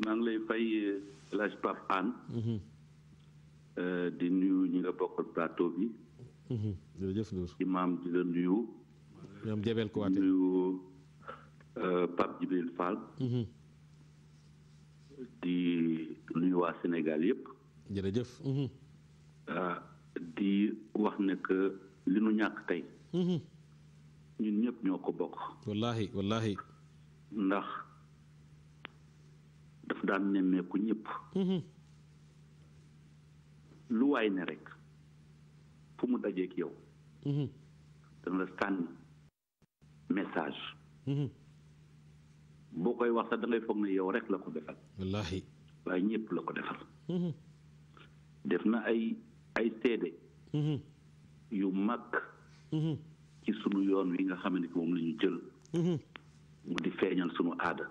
maa lay fay El Hadj Pape mhm. euh, di nuyu ñi nga bokkal plateau bi. Mhm. jërëjëf Ndour. imaam di la nuyu. ñoom Jebel Kouate nuyu euh, Pape Djibril Fall. Mhm. di nuyu waa Sénégal yëpp. Euh, di wax ne li nu ñàkk tey. ñun ñëpp ñoo ko bokk. wallaahi wallaahi. ndax. dafa daan nemmeeku ñëpp. Mhm. lu waay ne rek fu mu dajeeg yow. Mhm. dana la message. Mhm. boo koy wax sax da foog ne yow rek la ko defal. wallaahi waaye ñëpp la ko defal. def na ay ay seede. yu mag. ci sunu yoon wi nga xam ne moom la jël. mu di feeñal sunu aada.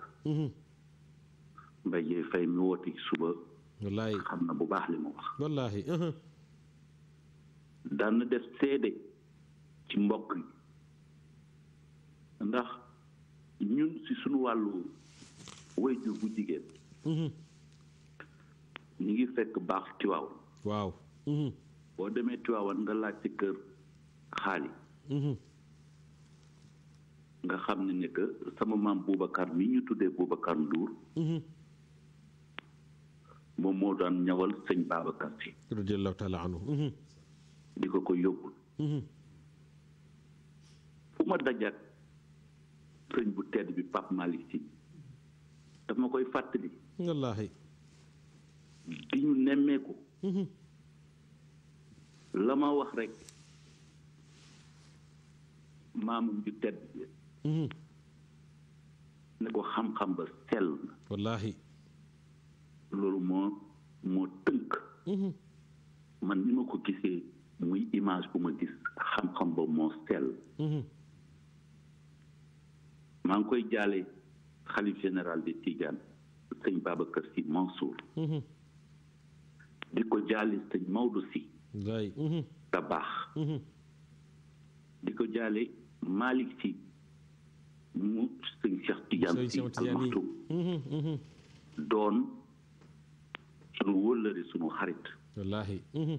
Mbaye fay mi wooti suba. wallaay xam na bu baax li mu wax. wallaay. Uh-huh. daan na def seede ci mbokk yi ndax ñun si suñu wàllu wayjur bu jigéen. Uh-huh. ñu ngi fekk baax Tiwaawan. waaw. Uh-huh. boo demee Tiwaawan nga laaj ci kër xaali. nga xam ne ne sama maam Boubacar mi ñu tuddee Boubacar Ndour. moom moo daan ñawal sëñ Babacar Si radiyallahu taala anhu mhm. di ko ko yóbbul mhm. fu ma dajat sëñ bu tedd bi Pape Malick Si daf koy fàttali wallaahi di ñu nemmeeku mhm. la ma wax rek maamum ju tedd bi ne ko xam-xam ba sell na wallaahi loolu moo moo tënk mm-hmm. man ni ma ko gisee muy image bu ma gis xam-xam ba moo sell mm-hmm. maa ngi koy jaale xalif général de Tidiane sëñ Babacar Sy Mansour mm-hmm. di ko jaale sëñ Maodo Sy da di ko jaale Malick Sy mu sëñ Cheikh Tidiane Sy doon sunu wóllëre sunu xarit. wallaahi. Mhm.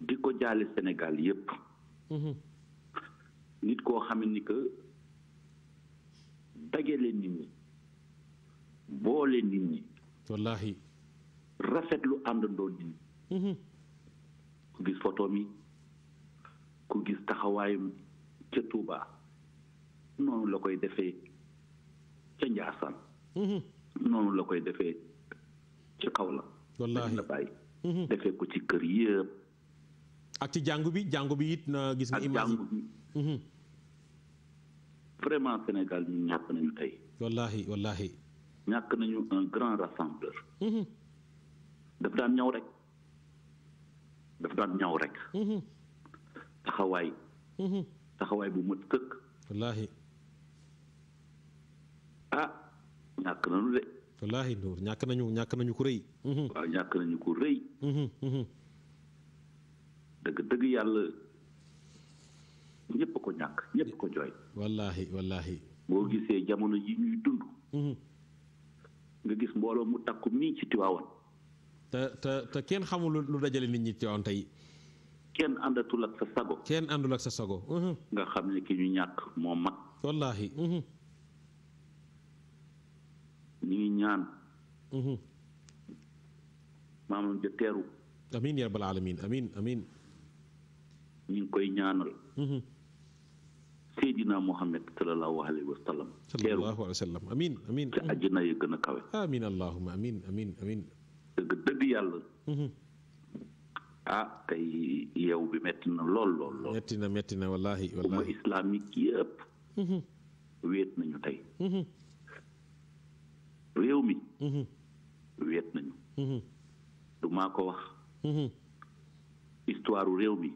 di ko jaale Sénégal yépp mhm. nit koo xam ni que dajale nit ñi boole nit ñi. wallaahi. rafetlu àndandoo nit ñi. Mhm. ku gis photo mi ku gis taxawaayam ca Touba noonu la koy defee ca Njaasaan. noonu la koy defee. ci kaw la. wallaahi la bàyyi. Mm-hmm. defee ko ci kër yëpp. ak ci jàngu bi jàngu bi it na gis nga. image yi mm-hmm. vraiment Sénégal ñu ñàkk nañu tey. wallaahi wallaahi. ñàkk nañu un grand rassembleur. Mm-hmm. daf daan ñaw rek. daf daan ñaw rek. taxawaay. taxawaay bu mat sëkk. wallaahi. ah ñàkk nañu de. wallaahi Ndour ñàkk nañu ñàkk nañu ko rëy. waaw ñàkk nañu ko rëy. dëgg dëgg yàlla ñëpp ko ñàkk ñëpp ko jooy. wallaahi wallaahi. boo gisee jamono yi ñuy dund. nga gis mbooloo mu takku nii ci Tiwaawan. te te kenn xamul lu dajale nit ñi Tiwaawan tey. kenn àndatul ak sa sago. kenn àndul ak sa sago. nga xam ne ki ñu ñàkk moo mag. wallaahi. ñu ngi ñaan. Mm-hmm. maamam ja teeru. amiin yaa balaa amiin amiin amiin. ñu koy ñaanal. Mm-hmm. Seydina Muhammad sallallahu alayhi wa sallam. teeru sallallahu ca àjjana yi gën a kawe. amiin allahumma amiin amiin amiin. dëgg dëgg yàlla. Mm-hmm. ah tey yeew bi metti na lool lool metti na metti na wallaahi wallaahi. umma yëpp. wéet nañu tey. réew mi mhm. weet nañu mhm. du ko wax mhm. histoire réew mi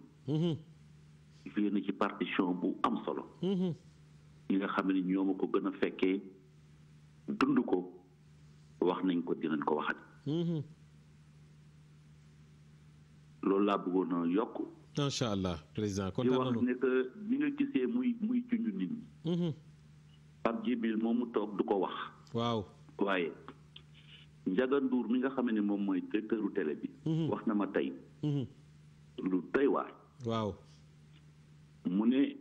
lii na ci partition bu am solo ñi nga xam ne ñoo ko gën a fekkee dund ko wax nañ ko dinañ ko waxat loolu laa bëggoon a yokk macha allah président kontaan nañu wax ne que bi nga gisee muy muy junj nit ñi Pape moom mu toog du ko wax waaw waaye Ndiaga Ndour mi nga xam ne moom mooy directeuru tele bi. Mhm. wax na ma tey. Mhm. lu doy waar. waaw mu ne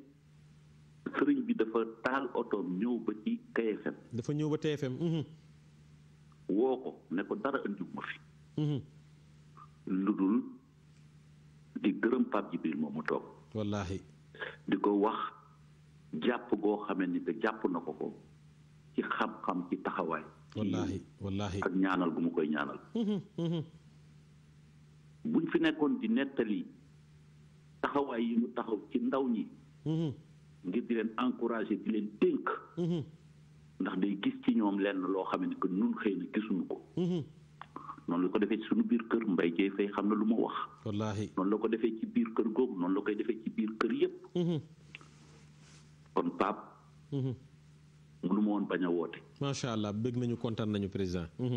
sëriñ bi dafa taal otoom ñëw ba ci KFM. dafa ñëw ba TFM. Mhm. woo ko ne ko dara indi ma fi. lu dul di gërëm Pape Djibril moom mu toog. wallaahi. di ko wax jàpp goo xamee ni que jàpp na ko ko ci xam-xam ci taxawaay. wallaahi wallaahi ak ñaanal gu mu koy ñaanal. buñ fi nekkoon di nettali taxawaay yi mu taxaw ci ndaw ñi. ngir di leen encourager di leen dénk. ndax day gis ci ñoom lenn loo xam ne que nun xëy na gisuñu ko. noonu la ko defee ci suñu biir kër mbay jey fay xam na lu ma wax. wallaahi noonu la ko defee ci biir kër googu noonu la koy defee ci biir kër yépp kon Pape. mënu ma woon bañ a allah bëgg nañu kontaan nañu président. mënu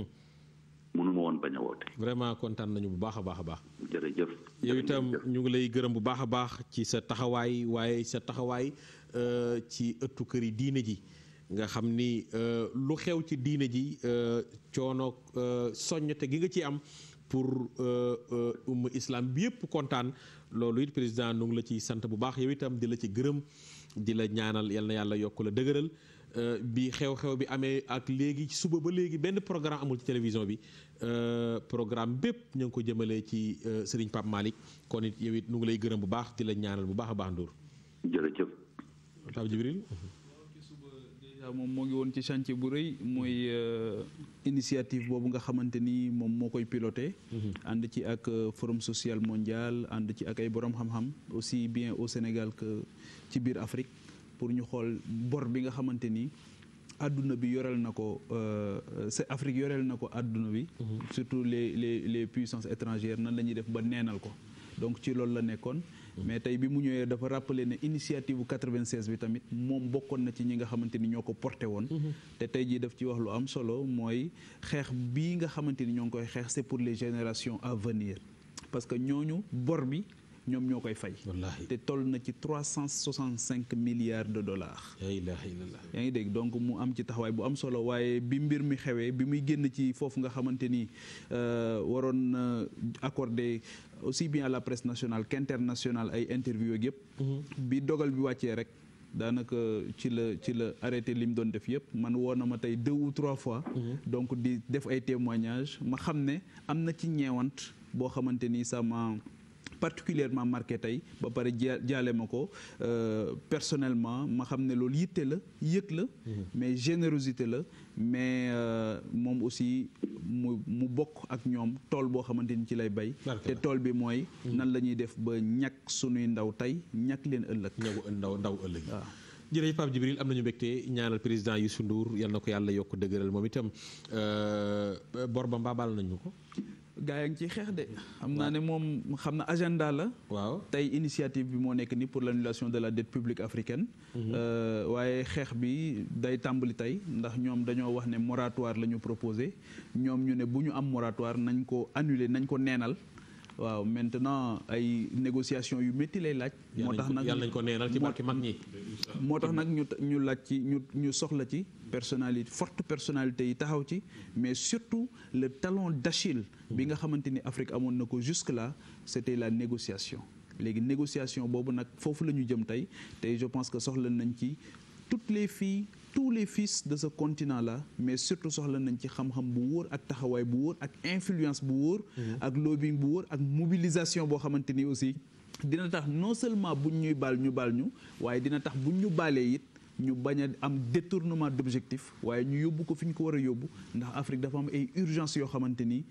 mm-hmm. ma woon bañ woote. vraiment kontaan nañu bu baax a baax a baax. yow itam ñu ngi lay gërëm bu baax a baax ci sa taxawaay waaye sa taxawaay euh, ci ëttu kër yi diine ji nga xam ni euh, lu xew ci diine ji euh, coono soññate gi nga ci am. pour umma islam bi yëpp kontaan loolu it président nu ngi la ci sant bu baax yow itam di la ci gërëm di la ñaanal yal na yàlla yokk la dëgëral Euh, bi xew-xew bi amee ak léegi suba ba léegi benn programme amul ci télévision bi euh, programme bépp ñu ngi ko jëmalee ci euh, Serigne Pape Malick kon it yow it nu ngi lay gërëm bu baax di la ñaanal bu baax a baax Ndour. jërëjëf. Pape moom moo ngi woon ci chantier bu rëy mooy initiative boobu nga xamante ni moom moo koy piloté mhm. ànd ci ak forum social mondial ànd ci ak ay borom xam-xam aussi bien au Sénégal ci biir Afrique pour ñu xool bor bi nga xamante ni àdduna bi yoreel na ko euh, c'est Afrique yoreel na ko àdduna bi mhm. surtout les les les puissances étrangères nan la ñuy def ba neenal ko donc ci loolu la nekkoon mhm. mais tey bi mu ñëwee dafa rappeler ne initiative vingt 96 bi tamit moom bokkoon na ci ñi nga xamante ni ñoo ko porté woon mhm. te tey jii daf ci wax lu am solo mooy xeex bii nga xamante ni ñoo ngi koy xeex c'est pour les générations à venir parce que ñooñu bor bi ñoom ñoo koy fay. te toll na ci trois cent soixante cinq milliards de dollars. yaa ngi dégg donc mu am ci taxawaay bu am solo waaye bi mbir mi xewee bi muy génn ci foofu nga xamante ni euh, waroon na accordé aussi bien à la presse nationale international ay interview ak yëpp. Mm-hmm. bi dogal bi wàccee rek. daanaka ci la ci la arrêté li mu doon def yëpp man woo na ma tey deux ou trois fois. Mm-hmm. donc di def ay témoignages ma xam ne am na ci ñeewant boo xamante ni sama. particulièrement marqué tey ba pare jaale ma ko euh, personnellement ma xam ne loolu yitte la yëg la mhm. mais générosité la mais euh, moom aussi mu mu bokk ak ñoom tool boo xamante ni ci lay bay te tool bi mooy mhm. nan la ñuy def ba ñàkk sunuy ndaw tey ñàkk leen ëllëg ndaw ndaw ëllëg waaw jërëjëf Pape Djibril am nañu mbégte ñaanal président Youssou Ndour yal na ko yàlla yokk dëgëral moom itam euh, bor ba mbaabaal nañu ko gaa yaa ngi ciy xeex de. xam naa ne moom xam na agenda la. waaw tey initiative bi moo nekk nii pour l' de la dette publique africaine. Mhm. Euh, waaye xeex bi day tàmbali tey ndax ñoom dañoo wax ne moratoire la ñu proposé ñoom ñu ne bu ñu am moratoire nañ ko annuler nañ ko neenal. waaw maintenant ay négociation yu métti lay laaj. moo tax nag yàlla nañ ko neenal ci barki mag ñi. moo tax nag ñu ñu laaj ci ñu ñu soxla ci personnalité forte personnalité yi taxaw ci mais surtout le talon d'Achille bi nga xamante ni Afrique amoon na ko jusque là c'était la négociation léegi négociation boobu nag foofu la ñu jëm tey te je pense que soxla nañ ci toutes les filles. tous les fils de ce continent là mais surtout soxla nañ ci xam-xam bu wóor ak taxawaay bu wóor ak influence bu wóor mm-hmm. ak lobbying bu wóor ak mobilisation boo xamante ni aussi dina tax non seulement buñ ñuy baal ñu baal ñu waaye dina tax buñ ñu baalee it ñu bañ a am détournement d'objectif waaye ñu yóbbu ko fi ñu ko war a yóbbu ndax Afrique dafa am ay urgence yoo xamante ni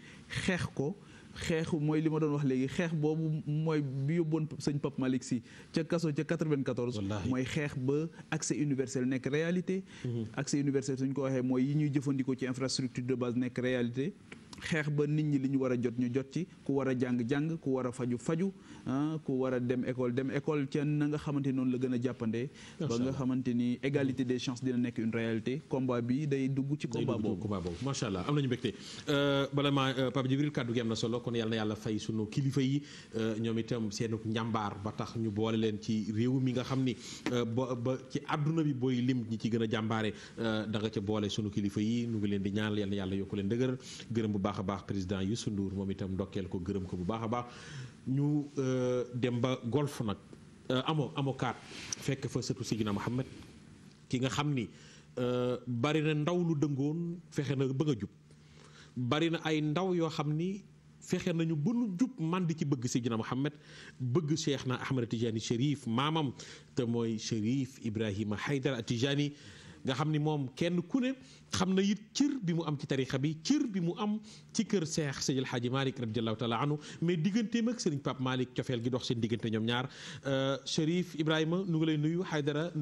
xeex ko xeexu mooy li ma doon wax léegi xeex boobu mooy bi yóbboon sëñ Pape Malick Sy ca kaso ca 94. mooy xeex ba accès universel nekk réalité. Mhm. accès universel suñ ko waxee mooy yi ñuy jëfandikoo ci infrastructure de base nekk réalité. xeex ba nit ñi li ñu war a jot ñu jot ci ku war a jàng-jàng ku war a faju faju ah, ku war a dem école dem école ca na nga xamante ni noonu la gën a jàppande ba nga xamante ni égalité de chances dina nekk une réalité combat bi day dugg ci combat boobu macha allah am nañu mbégte euh, bala ma euh, Pape Djibril kàddu gi na solo kon yàlla yàlla fay sunu kilifa yi euh, ñoom itam seenu njàmbaar ba tax ñu boole leen ci réew mi nga xam ni ba ba ci àdduna bi booy lim ñi ci gën a jàmbaare da nga ca boole sunu kilifa yi ñu ngi leen di ñaanal yàlla yàlla yokk leen dëgëral gërëm bu baax baax baax président Youssou Ndour moom itam ndokkeel ko gërëm ko bu baax a baax ñu euh, dem ba golf nag euh, amo amokaat fekk fa sëtu Sidina Mohamed ki nga xam ni euh, bari na ndaw lu dëngoon fexe na bëgg a jub bari na ay ndaw yoo xam ni fexe nañu bu nu jub man di ci bëgg Sidina Mohamed bëgg Cheikh na Ahmed Tijani Chérif maamam te mooy Chérif Ibrahima Haydara Tijani nga xam ni moom kenn ku ne xam na it cër bi mu am ci tarixa bi cër bi mu am ci kër seex Seydil Hadji Malick radiallahu taala anhu mais digganteem ak sëriñ Pape Malick cofeel gi dox seen diggante ñoom ñaar euh, Cherif Ibrahima nu ngi lay nuyu Haydara